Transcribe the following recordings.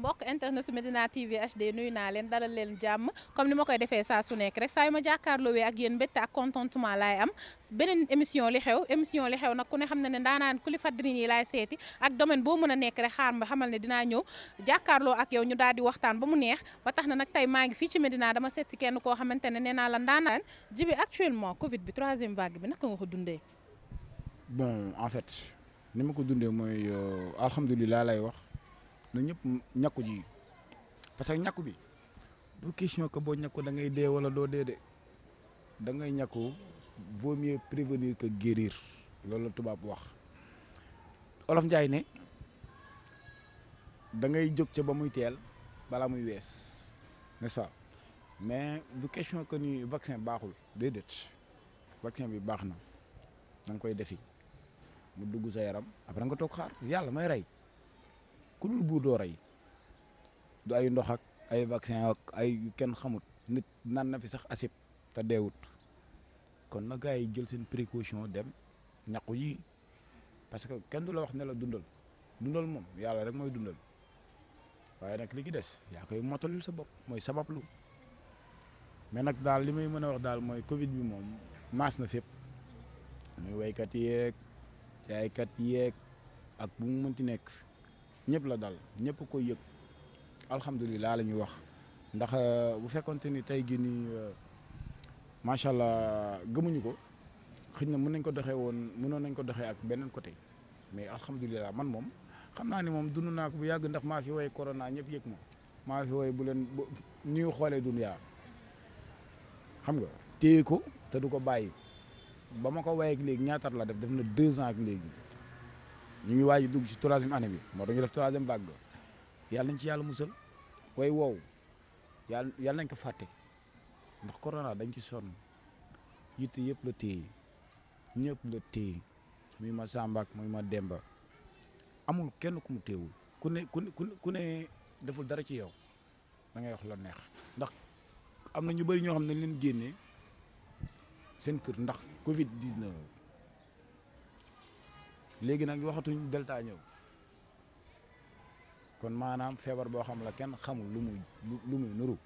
mbokk internet Medina TV HD nuyu naa leen dalal leen jàmm comme ni ma koy defee saa su nekk rek saa yu ma jàkkaarloowee ak yéen mbégte ak contentement laay am beneen émission li xew émission li xew nag ku ne xam ne ne ndaanaan ku li fadrin yi laay seeti ak domaine boo mën a nekk rek xaar ma xamal ne dinaa ñëw jàkkaarloo ak yow ñu daal di waxtaan ba mu neex ba tax na nag tey maa ngi fii ci Medina dama seet si kenn koo xamante ne neenaa la ndaanaan ji bi actuellement bi troisième vague bi naka nga ko dundee. bon en fait ni ma ko dundee mooy euh, alhamdulilah lay wax na ñëpp ñàkku ji parce que ñàkku bi du question que boo ñàkku dangay ngay dee wala doo dee de da ngay ñàkku vaut mieux prévenir que guérir loolu la tubaab wax olof Njaay ne da ngay jóg ca ba muy teel balaa muy wees nest pas mais bu question que ni vaccin baaxul déedéet vaccin bi baax na danga koy defi. mu dugg sa yaram après nga toog xaar yàlla may rey ku dul buur doo rey du ay ndox ak ay vaccin ak ay kenn xamut nit nan na fi sax asib te deewut kon na gars yi jël seen précaution dem ñaqu yi parce que kenn du la wax ne la dundal dundal moom yàlla rek mooy dundal waaye nag li ki des yaa koy motalil sa bopp mooy sabablu mais nag daal li may mën a wax daal mooy Covid bi moom maas na fépp muy waykat yeeg. kat yeeg ak bu mu nekk ñëpp la dal ñëpp ko yëg alhamdulillah lañuy wax ndax euh, bu fekkonte ni tey gi nii euh, macha allah gëmuñu ko xëy na mun nañ ko doxee woon mënoon nañ ko doxee ak beneen côté mais alhamdulilah man moom xam naa ni moom dund naa ko bu yàgg ndax maa fi woy corona ñëpp yëg ma maa fi woy bu leen bu ñuy xoolee duniyaa xam nga téye ko te du ko bàyyi. ba ma ko wayeeg léegi ñaataat la def def na deux ans ak léegi ñu ngi waaj dugg ci troisième année bi moo tax ñu def troisième vague yàlla nañ ci yàlla musal way woow yàlla yàlla nañ ko fàtte ndax corona dañ ci son yitte yëpp la téye ñëpp la téye muy ma Samba ak muy ma Demba amul kenn ku mu téewul ku ne ku ne deful dara ci yow da ngay wax la neex ndax am na ñu ñoo xam ne leen génnee seen kër ndax Covid 19 léegi nag waxatuñ delta ñëw kon maanaam feebar boo xam la kenn xamu lu muy lu muy nuru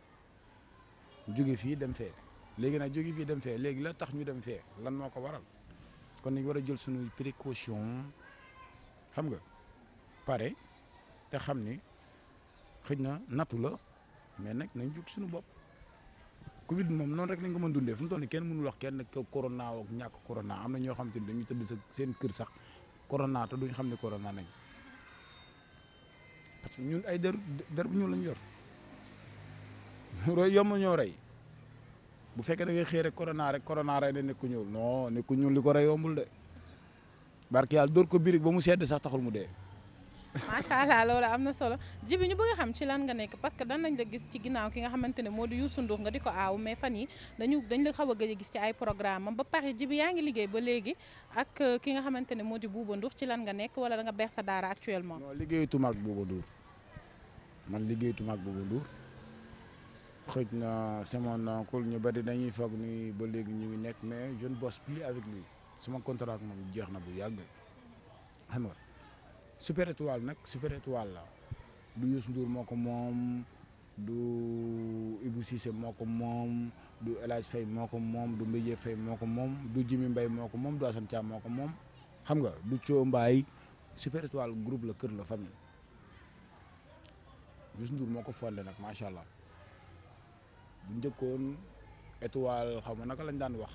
jóge fii dem fee léegi nag jóge fii dem fee léegi la tax ñu dem fee lan moo ko waral kon ni war a jël suñuy précaution xam nga pare te xam ni xëj na nattu la mais nag nañ jug sunu bopp. Covid moom noonu rek lañ ko mën dundee fu mu toll nii kenn mënul wax kenn ko corona ak ñàkk corona am na ñoo xam te ne dañuy tëdd sa seen kër sax corona te duñ xam ne corona nañ parce ay der der bu ñuul lañ yor roy yomb ñoo rey bu fekkee da ngay xëy rek corona rek corona rey ne nekku ñuul non nekku ñuul li ko rey yombul de barke yàlla dóor ko birig ba mu sedd sax taxul mu dee. macha allah loolu am na solo jibi ñu bëgg a xam ci lan nga nekk parce que dan nañ la gis ci ginnaaw ki nga xamante ne moo di Youssou Ndour nga di ko aaw mais fan yi dañu dañ la xaw a a gis ci ay programme am ba pare jibi yaa ngi liggéey ba léegi ak euh, ki nga xamante ne moo di Bouba Ndour ci lan nga nekk wala da nga beex sa daara actuellement non liggéeyatuma ak Bouba Ndour man liggéeyatuma ak Bouba xëj na sama oncle ñu bari dañuy foog ni ba léegi ñu ngi nekk mais je ne bosse plus avec lui sama contrat moom jeex na bu yàgg xam super étoile nag super étoile la du Youssou Ndour moo ko moom du Ibou Cissé moo ko moom du El Hadj Faye moo ko moom du Mbéjé Faye moo ko moom du Jimi mbay moo ko moom du Assane Thiam moo ko moom xam nga du Thio mbaay super étoile groupe la kër la famille Youssou Ndour moo ko fondé nag macha allah bu njëkkoon étoile xaw ma naka lañ daan wax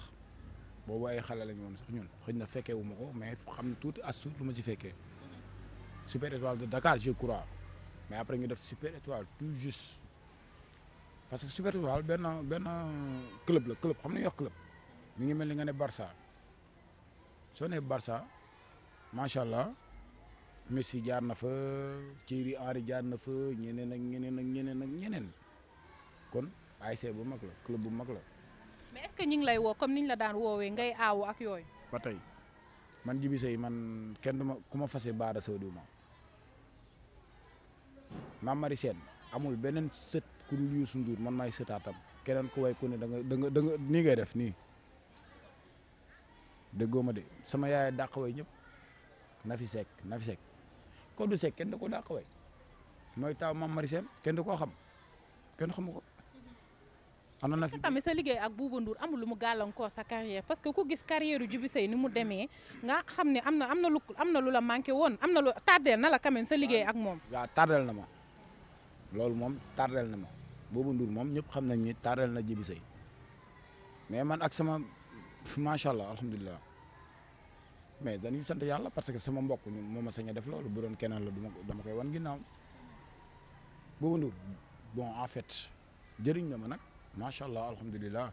boobu ay xale lañ woon sax ñun xëy na fekkee ko mais xam tuuti as lu ma ci fekkee. super étoile de Dakar je crois mais après ñu def super étoile tout juste parce que super étoile benn benn club la club xam nañu wax club mu ngi mel ni nga ne Barça soo nee barsa macha allah Messi jaar na fa Thierry Henry jaar na fa ñeneen nag ñeneen nag ñeneen ak ñeneen kon ASC bu mag la club bu mag la. mais est-ce ñu ngi lay woo comme niñ la daan woowee ngay aawu ak yooyu. ba tey man Djiby Seye man kenn du ma ku ma fase baara soo ma Mame Marie amul beneen sët ku dul Youssou man maay sëtaatam keneen ku way ku ne da nga da nga da nga nii ngay def nii déggoo ma de sama yaay dàq way ñëpp Nafi Seck Nafi Seck ko du Seck kenn da ko dàq way mooy taw Mame Marie Sène kenn du koo xam kenn xamu ko. ana na fi tamit sa liggéey ak Bouba Ndour amul lu mu gàllankoor sa carrière parce que ku gis carrière yu Djiby Sèye ni mu demee nga xam ne am na am na lu am na lu la manqué woon am na lu tardel na la quand sa liggéey ak moom. waaw tardel na ma. loolu moom tardel na ma boobu Ndour moom ñëpp xam nañ ni tardel na Djiby Sèye mais man ak sama macha allah alhamdulilah mais dañuy sant yàlla parce que sama mbokk moo ma sañ a def loolu bu doon keneen la duma koy wan ginnaaw boobu Ndour bon en fait jëriñ na ma nag macha allah alhamdulilah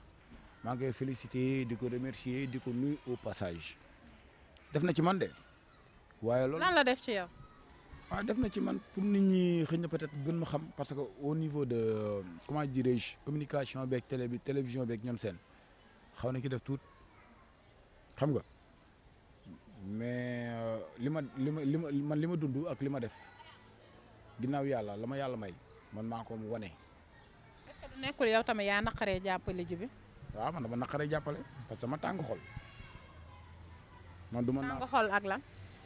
maa ngi koy féliciter di ko remercier di ko nuyu passage def na ci man de waaye loolu waaw ah, def na ci man pour nit ñi xëy na peut-être gën ma xam parce que au niveau de comment dirais-je communication beeg bi télévision beeg ñoom seen xaw na ki def tuut xam nga mais euh, li ma li ma li ma man li ma dund ak li ma def ginnaaw yàlla la ma yàlla may man maa ko mu wane. nekkul yow tamit yaa naqaree jàppale ji bi. waaw ah, man dama naqaree jàppale parce que ma tàng xol. man du ma naa tàng xol ak lan.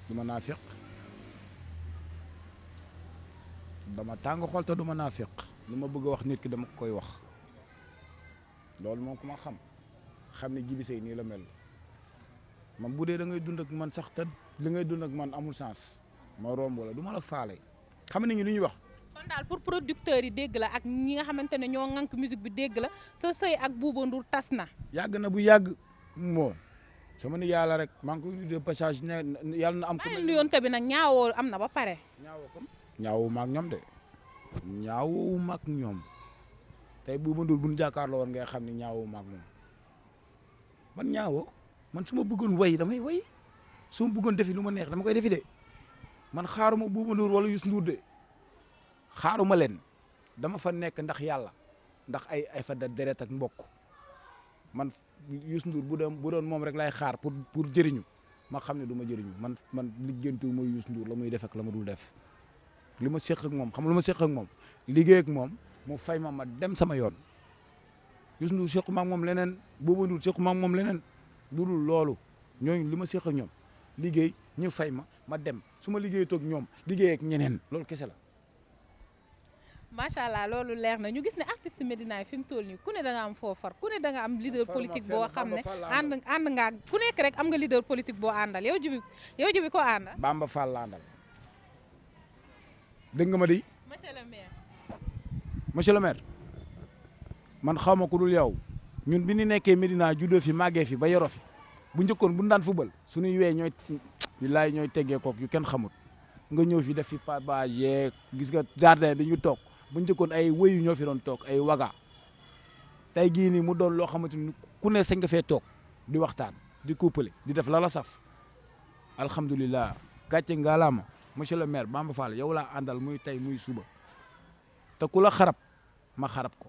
du ma naa dama tàng xol du ma naafiq lu ma bëgg a wax nit ki dama koy wax loolu moom ku ma xam xam ne Djiby Sèye nii la mel man bu dee da ngay dund man sax te li ngay dund ak man amul sens ma romb la du ma la faale xam nañu lu ñuy wax. kon daal pour producteurs yi dégg la ak ñi nga xamante ne ñoo ŋànk musique bi dégg la sa sëy ak Bouba Ndour tas na. yàgg na bu yàgg moo ma ni yàlla rek maa ngi koy nuyu de passage ne na am. ko mel ni yoonte nag ñaawoo am na ba pare. ñaawoo comme. ñaawuma ak ñoom de ñaawuma ak ñoom tey bu ma dul bu ñu jàkkaarloo woon ngay xam ne ñaawuma ak moom man ñaawoo man su ma bëggoon way damay way su ma bëggoon defi lu ma neex dama koy defi de man xaaruma Bouba Ndour wala Youssou Ndour de xaaruma leen dama fa nekk ndax yàlla ndax ay ay fa da deret ak mbokk man Youssou Ndour bu doon bu doon moom rek lay xaar pour pour jëriñu ma xam ne du ma jëriñu man man liggéeyantewuma Youssou Ndour la muy def ak la ma dul def li ma séq ak moom xam lu ma séq ak moom liggéey ak moom mu fay ma ma dem sama yoon Youssou Ndour séqu ma ak moom leneen Bouba Ndour séqu ma ak moom leneen lu dul loolu ñooñu li ma séq ak ñoom liggéey ñu fay ma ma dem su ma liggéey toog ñoom liggéey ak ñeneen loolu kese la. macha allah loolu leer na ñu gis ne artiste Médina yi fi mu toll nii ku ne da nga am foofar ku ne da nga am leader politique boo xam ne ànd ànd ngaa ku nekk rek am nga leader politique boo àndal yow jibi yow jibi ko àndal. Bamba Fall la àndal. dégg nga ma di. monsieur le maire. monsieur le maire man xaw ma ku dul yow ñun bi ñu nekkee Medina juddoo fi màggee fi ba yoroo fi bu njëkkoon bu ñu daan football su wee ñooy billaay ñooy teggee kook yu kenn xamut nga ñëw fi def fi pavage yeeg gis nga jardin bi toog bu njëkkoon ay wéyu ñoo fi doon toog ay waga tey gii nii mu doon loo xamante ni ku ne sañ nga fee toog di waxtaan di couplé di def la la saf alhamdulilah gàcce ngalaama monsieur le maire Bamba Fall yow laa àndal muy tey muy suba te ku la xarab ma xarab ko.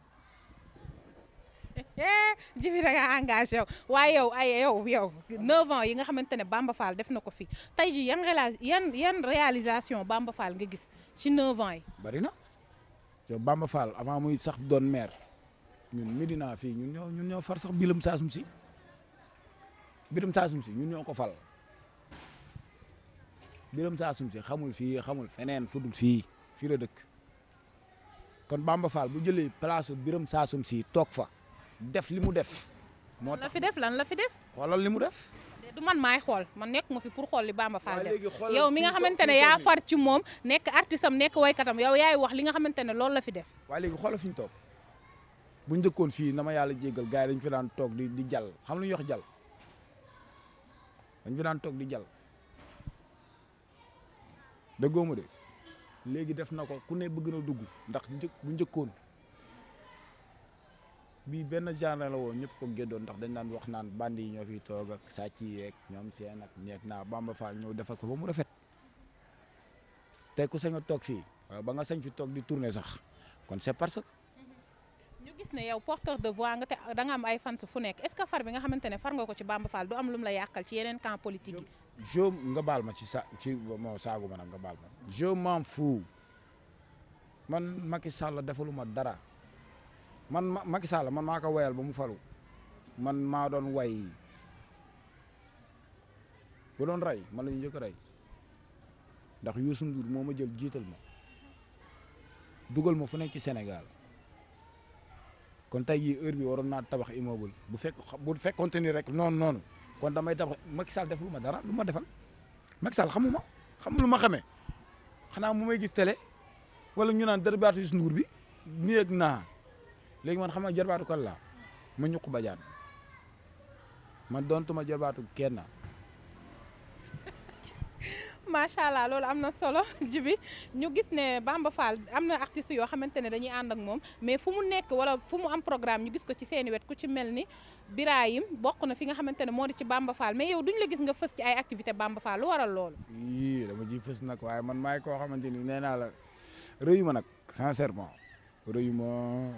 jibi da nga engagé yow waaye yow ay yow yow 9 yi nga xamante ne Bamba Fall def na ko fii tey ji yan yan yan réalisation Bamba nga gis ci 9 ans yi. bari na yow Bamba Fall avant muy sax don maire ñun Medina fii ñun ñoo ñun ñoo far sax biram saasum si biram saasum si ñun ñoo ko fal. Birame Saasum si xamul fi xamul feneen fudul fii fii la dëkk kon Bamba Fall bu jëlee place biram Saasum si toog fa def li mu def. moo tax la fi def lan la fi def. xoolal li mu def. du man maay xool man nekk ma fi pour xool li Bamba Fall def yow mi nga xamante ne yaa far ci moom nekk artiste am nekk waykatam yow yaay wax li nga xamante ne loolu la fi def. waaye léegi xoolal fi ñu toog bu ñu dëkkoon na ma yàlla jéggal gars yi dañu fi daan toog di di jàll xam lu ñuy wax jàll fi daan toog di jàll. dëggoo mu de léegi def na ko ku ne bëgg na dugg ndax bu njëkkoon bii benn genre la woon ñëpp ko géddoon ndax dañ naan wax naan bandi yi ñoo fi toog ak sàcc yeeg ñoom seen ak ñeeg naa Bamba fa ñëw defal ko ba mu rafet te ku sañ a toog fii ba nga sañ fi toog di tourner sax kon c'est parce que gis ne yow porteur de voix nga te da am ay fans fu nekk est-ce que far bi nga xamante ne far nga ko ci Bamba Fall du am lu la yàqal ci yeneen camp politique yi. nga baal ma ci sa ci moo saagu ma nag nga baal ma. je m'en fous man Macky Sall defaluma dara man ma Macky man maa woyal ba mu falu man maa doon way doon rey man la ñu njëkk a rey ndax Youssou Ndour moo ma jël jiital ma dugal ma fu nekk ci Sénégal. kon tey jii heure bi waroon naa tabax immeuble bu fekk bu fekkonte ni rek noonu noonu kon damay tabax Macky Sall def lu ma dara lu ma defal Macky Sall xamuma xamu lu ma xamee xanaa mu may gis télé wala ñu naan jarbaatu Youssou bi nii ak naa léegi man xam nga jarbaatu kan laa ma ñuq bajaan man doontuma jarbaatu kenn macha allah loolu am na solo jibi ñu gis ne Bamba Fall am na artistes yoo xamante ne dañuy ànd ak moom mais fu mu nekk wala fu mu am programme ñu gis ko ci seeni wet ku ci mel ni Birahim bokk na fi nga xamante ne moo di ci Bamba Fall mais yow duñ la gis nga fës ci ay activité Bamba Fall lu waral loolu. yii dama ji fës nag waaye man maay koo xamante ni nee naa la rëyu ma nag sincèrement rëyu ma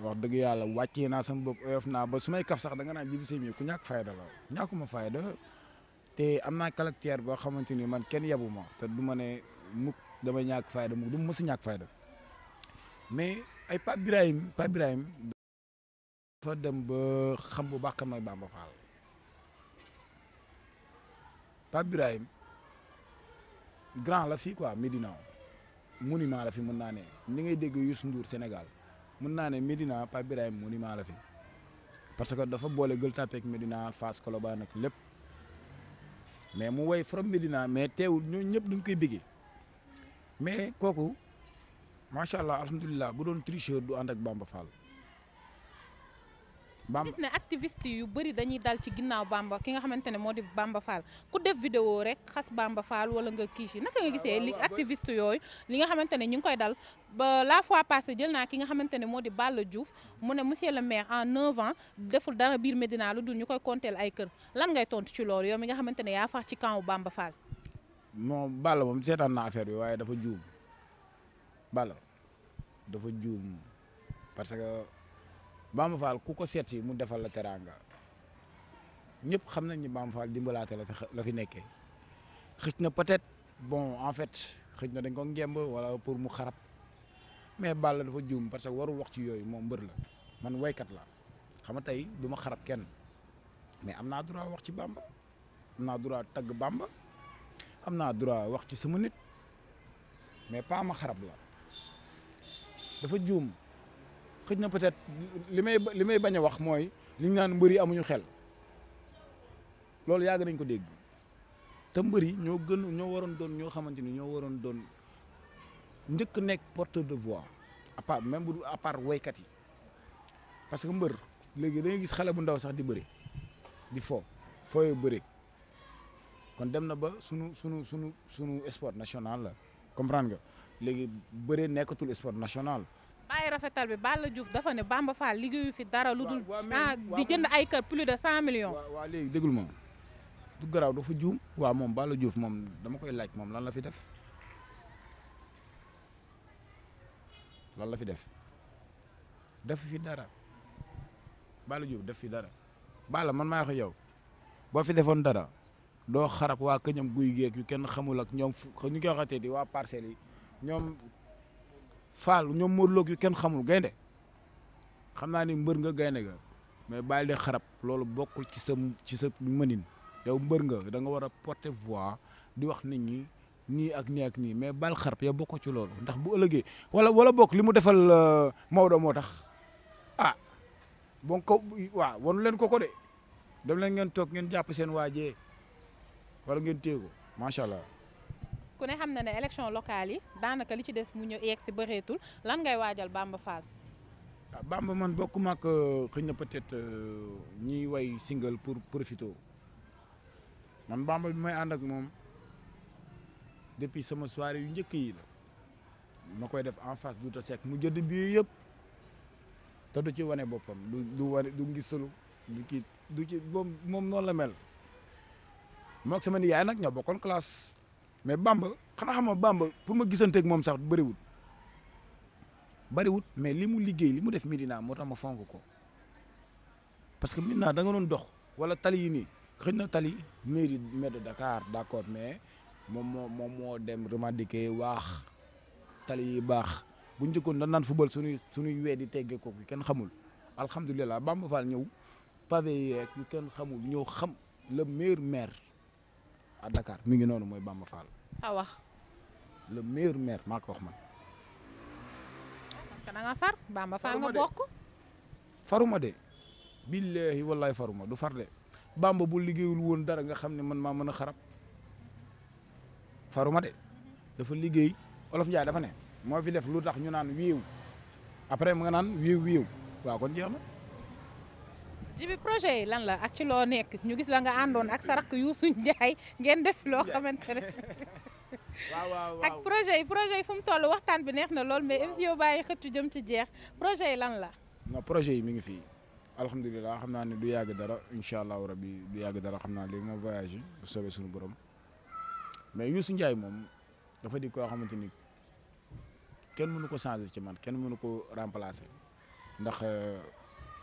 wax dëgg yàlla wàccee naa sama bopp oyof naa ba su may kaf sax da nga naan ku ñàkk fayda la te am naa caractère boo xamante ni man kenn yabu ma te du ma ne mukk damay ñaak fayda mukk du ma mës a fayda mais ay Pape Birahim Pape Birahim dem ba xam bu baax kan mooy Bamba Fall Pape Birahim grand la fii quoi Médina monument la fi mën naa ne ni ngay dégg Youssou Ndour Sénégal mën naa ne Médina Pape Birahim monument la fi parce que dafa boole Gueule Tapée ak Médina Fass Colobane nag lépp mais mu woy from dina mais teewul ñooñu ñëpp dañ koy bëggee mais kooku macha allah alhamdulilah bu doon tricheur du ànd ak Bamba Fall. bamba gis ne bëri dañuy dal ci ginnaaw bamba ki nga xamante ne moo di bamba Fall ku def vidéo rek bamba Fall wala nga kii si naka nga gisee ah, li activiste yooyu li xamante ne ñu ngi koy dal la fois passée jël naa ki nga xamante ne moo di Balla juuf mu ne monsieur le maire en 9 ans deful dara biir Médina lu dul ñu koy konteel ay kër lan ngay tontu ci loolu yow mi nga xamante ne yaa fax ci bamba Fall. non Balla moom seetaan na affaire bi waaye dafa juum Balla dafa juum parce que. Bamba Fall ku ko seet si mu defal la teraanga ñëpp xam nañ ni Bamba Fall dimbalaate la fi la fi nekkee xëj na peut-être bon en fait xëj na dañ ko ngemb wala pour mu xarab mais Balla dafa juum parce que warul wax ci yooyu moom mbër la man waykat la xam nga tey du ma xarab kenn mais am naa droit wax ci Bamba am naa droit tagg Bamba am naa droit wax ci sama nit mais pas ma xarab la dafa juum. xëj na peut-être li may li may bañ a wax mooy li ñu naan mbër yi amuñu xel loolu yàgg nañ ko dégg te mbër yi ñoo gën ñoo waroon doon ñoo xamante ni ñoo waroon doon njëkk nekk porte de voix à part même bu à part woykat yi parce que mbër léegi da gis xale bu ndaw sax di bëri di fo fooyoo bëri kon dem na ba sunu sunu sunu sunu sport national la comprendre nga léegi bëri nekkatul sport national. bàyyi rafetal bi Balla Diouf dafa ne Bamba Fall liggéeyu fi dara lu dul di jënd ay kër plus de cent million waaw léegi déglu moom du garaaw dafa juum waa moom Balla Diouf moom dama koy laaj moom lan la fi def lan la fi def def fi dara Balla Diouf def fi dara Balla man maa yow boo fi defoon dara doo xarab waa kañam guy geeg yu kenn xamul ak ñoom fu ñu koy waxatee di waa parcelles ñoom faal ñoom morloog yu kenn xamul gaynde xam naa ni mbër nga gaynde ga mais bàyyi de xarab loolu bokkul ci sa ci sa yow mbër nga da nga war a porter voie di wax nit ñi nii ak nii ak nii mais bal xarap yow bokkoo ci loolu ndax bu ëllëgee wala wala bokk li mu defal euh, Maodo moo tax a ah, bon ko waaw wanu leen ko ko de dem leen ngeen toog ngeen jàpp seen waajee wala ngeen téye ko macha allah. ku ne xam na ne élection locale yi daanaka li ci des mu ñëw yegg si bareetul lan ngay waajal Bamba Fall. waaw ah, Bamba man bokkuma ak euh, xëñ na peut-être euh, ñiy way single pour profito man Bamba bi may ànd ak moom depuis sama soirée yu njëkk yi la ma koy def en face du Seck mu jënd bii yëpp te du ci wane boppam du du wane du du ci moom moom noonu la mel moog sama nijaay nag ñoo bokkoon classe. mais Bamba xanaa xam nga Bamba pour ma gisanteeg moom sax bëriwul bariwut mais li mu liggéey li mu def Médina moo tax ma fonk ko parce que Médina da nga doon dox wala tali yi nii xëy na tali mairie maire de Dakar d'accord mais moom moo moom moo dem revendiquer waax tali yi baax bu njëkkoon dañ naan football suñuy suñuy wee di teggee ko kenn xamul alhamdulilah Bamba Fall ñëw pavé yeeg ñu kenn xamul ñëw xam le meilleur maire à dakaar mi ngi noonu mooy Bamba Fall. sa wax. le meilleur maire wax man. Ah, parce que da far Bamba Fall nga bokk. faruma de. billahi wallahi faruma du far de Bamba bu liggéeyul woon dara nga xam ne man maa mën a xarab faruma de dafa liggéey Olof Ndiaye dafa ne moo fi def lu tax ñu naan wéew après mu nga naan wéew wéew kon jeex na. jibi projet yi lan la ak ci loo nekk ñu gis la àndoon ak sa rakk Youssou Ndiaye ngeen def loo xamante ne waaw projet yi projet yi fu mu toll waxtaan bi neex na lool mais émission bàyyi xëttu jëm ci jeex projet yi lan la non projet yi mi ngi fii alhamdulilah xam naa ne du yàgg dara incha allahu rabi du yàgg dara xam naa léegi ma voyagé bu soobee suñu borom mais Youssou Ndiaye moom dafa di koo xamante ni kenn mënu ko changer ci man kenn mënu ko remplacer ndax euh,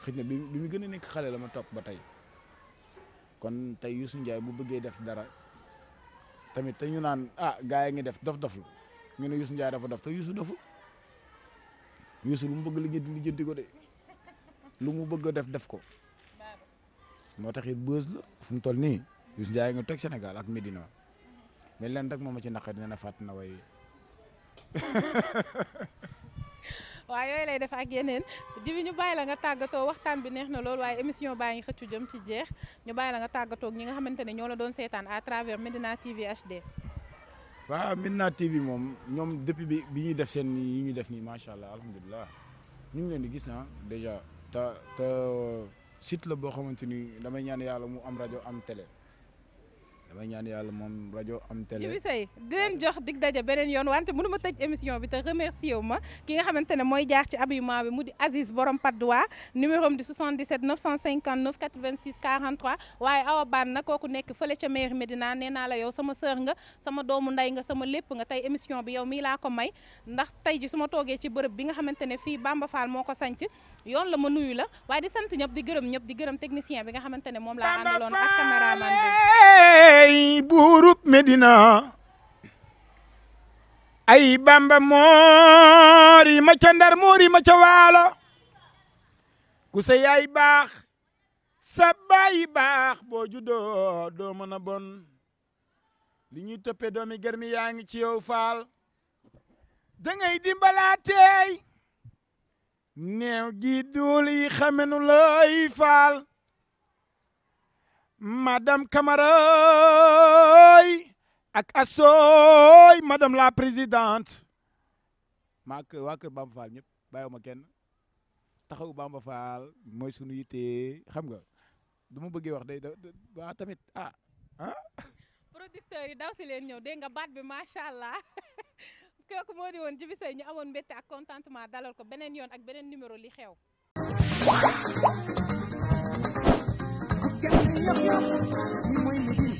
xëj na bi bi mu gën a nekk xale la ma topp ba tey kon tey Youssou njaay bu bëggee def dara tamit te ñu naan ah gars yi ngi def dof-dof lu ñu ne Youssou Ndiaye dafa dof te Youssou dofu Youssou lu mu bëgg liggéey di jëndi ko de lu mu bëgg a def def ko moo tax it bës la fu mu toll nii Youssou Ndiaye nga toog senegal ak Medina mais leen rek moom ma ci naqari dina na fàtt na way waaw yooyu lay def ak yeneen jibi ñu bàyyi la nga tàggatoo waxtaan bi neex na lool waaye émission baa ngi xëccu jëm ci jeex ñu bàyyi la nga tàggatoo ak nga xamante ne ñoo la doon seetaan à travers Medina TV HD. waaw Medina TV moom ñoom depuis bi bi ñuy def seen yi ñuy def nii macha allah alhamdulilah ñu ngi leen di gis naa ah, dèjà te te site la boo xamante ni damay ñaan yàlla mu am rajo am télé. damay ñaan yàlla moom rajo am jox dig daje beneen yoon wante mënu ma tëj émission bi te remercier ma ki nga xamante mooy jaar ci habillement bi mu di Aziz borom Padois numéro am di 77 959 86 43 waaye awa baan na kooku nekk fële ca mairie Médina nee naa la yow sama sœur nga sama doomu ndey nga sama lépp nga tey émission bi yow mii laa ko may ndax tey ji su ma toogee ci bërëb bi nga xamante ne fii Bamba Fall moo ko sanc yoon la ma nuyu la waaye di sant ñëpp di gërëm ñëpp di gërëm technicien bi nga xamante ne moom laa àndaloon tey buurub Medina ay bamba moori ma ca ndar moori ma ca waalo ku sa yaay baax sa baay baax boo juddoo doo mën bon li ñuy toppee doomi garmi yaa ngi ci yow faal da ngay dimbalaatey neew gi duul yi xamenu lay faal madame Camaraay ak asooy madame la présidente maa kër waa kër Bamba Fall ñëpp bàyyiwuma kenn taxaw Bamba Fall mooy sunu yite xam nga du ma bëggee wax day waa tamit ah ah. producteurs yi daw si leen ñëw dégg nga baat bi macha allah. kooku moo di woon Djiby Seye ñu amoon mbégte ak contentement dalal ko beneen yoon ak beneen numéro li xew kenn yëpp yëpp